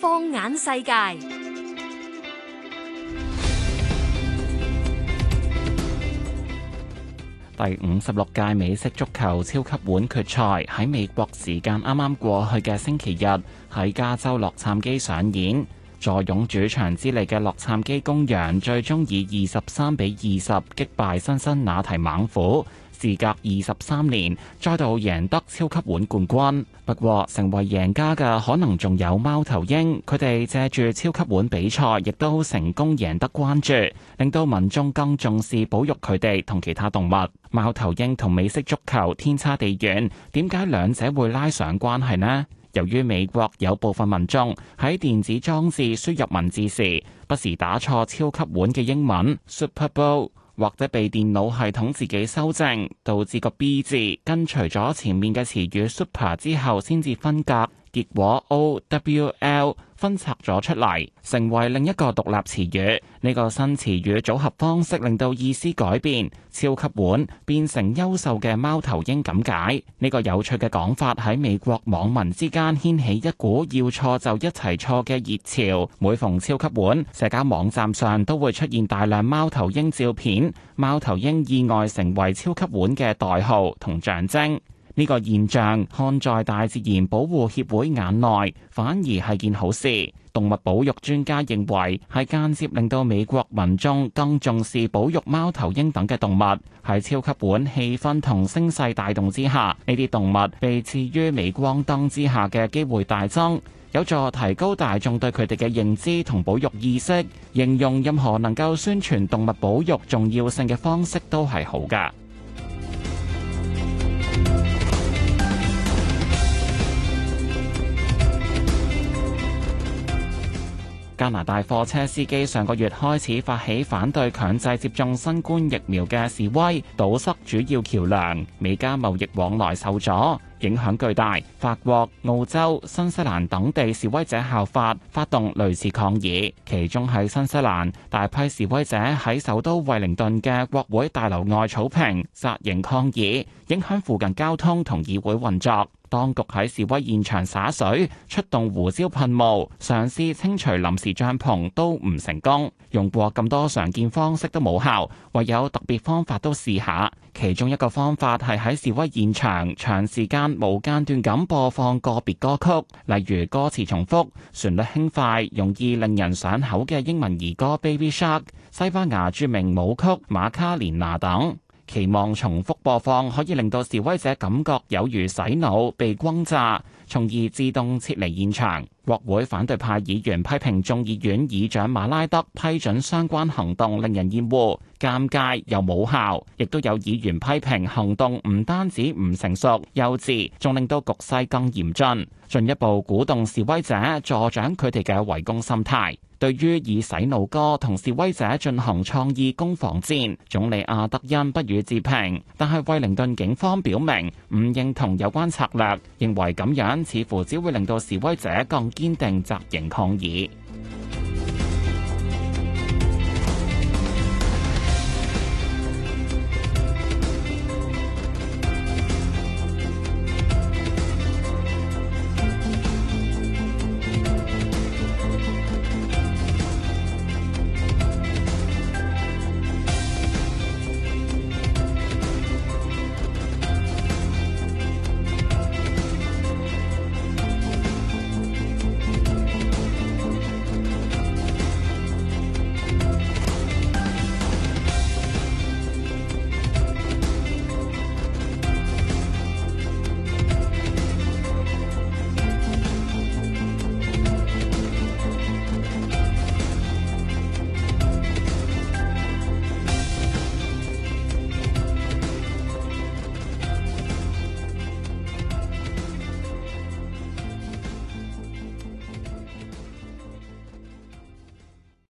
放眼世界，第五十六屆美式足球超級碗決賽喺美國時間啱啱過去嘅星期日喺加州洛杉磯上演，坐擁主場之利嘅洛杉磯公羊最終以二十三比二十擊敗辛辛那提猛虎。事隔二十三年，再度贏得超級碗冠軍。不過，成為贏家嘅可能仲有貓頭鷹，佢哋借住超級碗比賽，亦都成功贏得關注，令到民眾更重視保育佢哋同其他動物。貓頭鷹同美式足球天差地遠，點解兩者會拉上關係呢？由於美國有部分民眾喺電子裝置輸入文字時，不時打錯超級碗嘅英文 Super Bowl。或者被電腦系統自己修正，導致個 B 字跟隨咗前面嘅詞語 Super 之後先至分隔，結果 O W L，分拆咗出嚟，成為另一個獨立詞語。呢個新詞語組合方式令到意思改變，超級碗變成優秀嘅貓頭鷹咁解。呢個有趣嘅講法喺美國網民之間掀起一股要錯就一齊錯嘅熱潮。每逢超級碗，社交網站上都會出現大量貓頭鷹照片，貓頭鷹意外成為超級碗嘅代號同象徵。呢個現象看在大自然保護協會眼內反而係件好事。動物保育專家認為係間接令到美國民眾更重視保育貓頭鷹等嘅動物。喺超級碗氣氛同聲勢帶動之下，呢啲動物被置於鎂光燈之下嘅機會大增，有助提高大眾對佢哋嘅認知同保育意識，形容任何能夠宣傳動物保育重要性嘅方式都係好噶。加拿大貨車司機上個月開始發起反對強制接種新冠疫苗嘅示威，堵塞主要橋梁，美加貿易往來受阻，影響巨大。法國、澳洲、新西蘭等地示威者效法，發動類似抗議。其中喺新西蘭，大批示威者喺首都惠靈頓嘅國會大樓外草坪紮營抗議，影響附近交通同議會運作。當局喺示威現場灑水、出動胡椒噴霧、嘗試清除臨時帳篷都唔成功，用過咁多常見方式都冇效，唯有特別方法都試下。其中一個方法係喺示威現場長時間無間斷咁播放個別歌曲，例如歌詞重複、旋律輕快、容易令人上口嘅英文兒歌《Baby Shark》、西班牙著名舞曲《馬卡連娜》等。期望重複播放可以令到示威者感覺有如洗腦、被轟炸，從而自動撤離現場。國會反對派議員批評眾議院議長馬拉德批准相關行動令人厭惡、尷尬又冇效，亦都有議員批評行動唔單止唔成熟、幼稚，仲令到局勢更嚴峻，進一步鼓動示威者助長佢哋嘅圍攻心態。對於以洗腦歌同示威者進行創意攻防戰，總理阿德恩不予置評。但係惠靈頓警方表明唔認同有關策略，認為咁樣似乎只會令到示威者更堅定紮營抗議。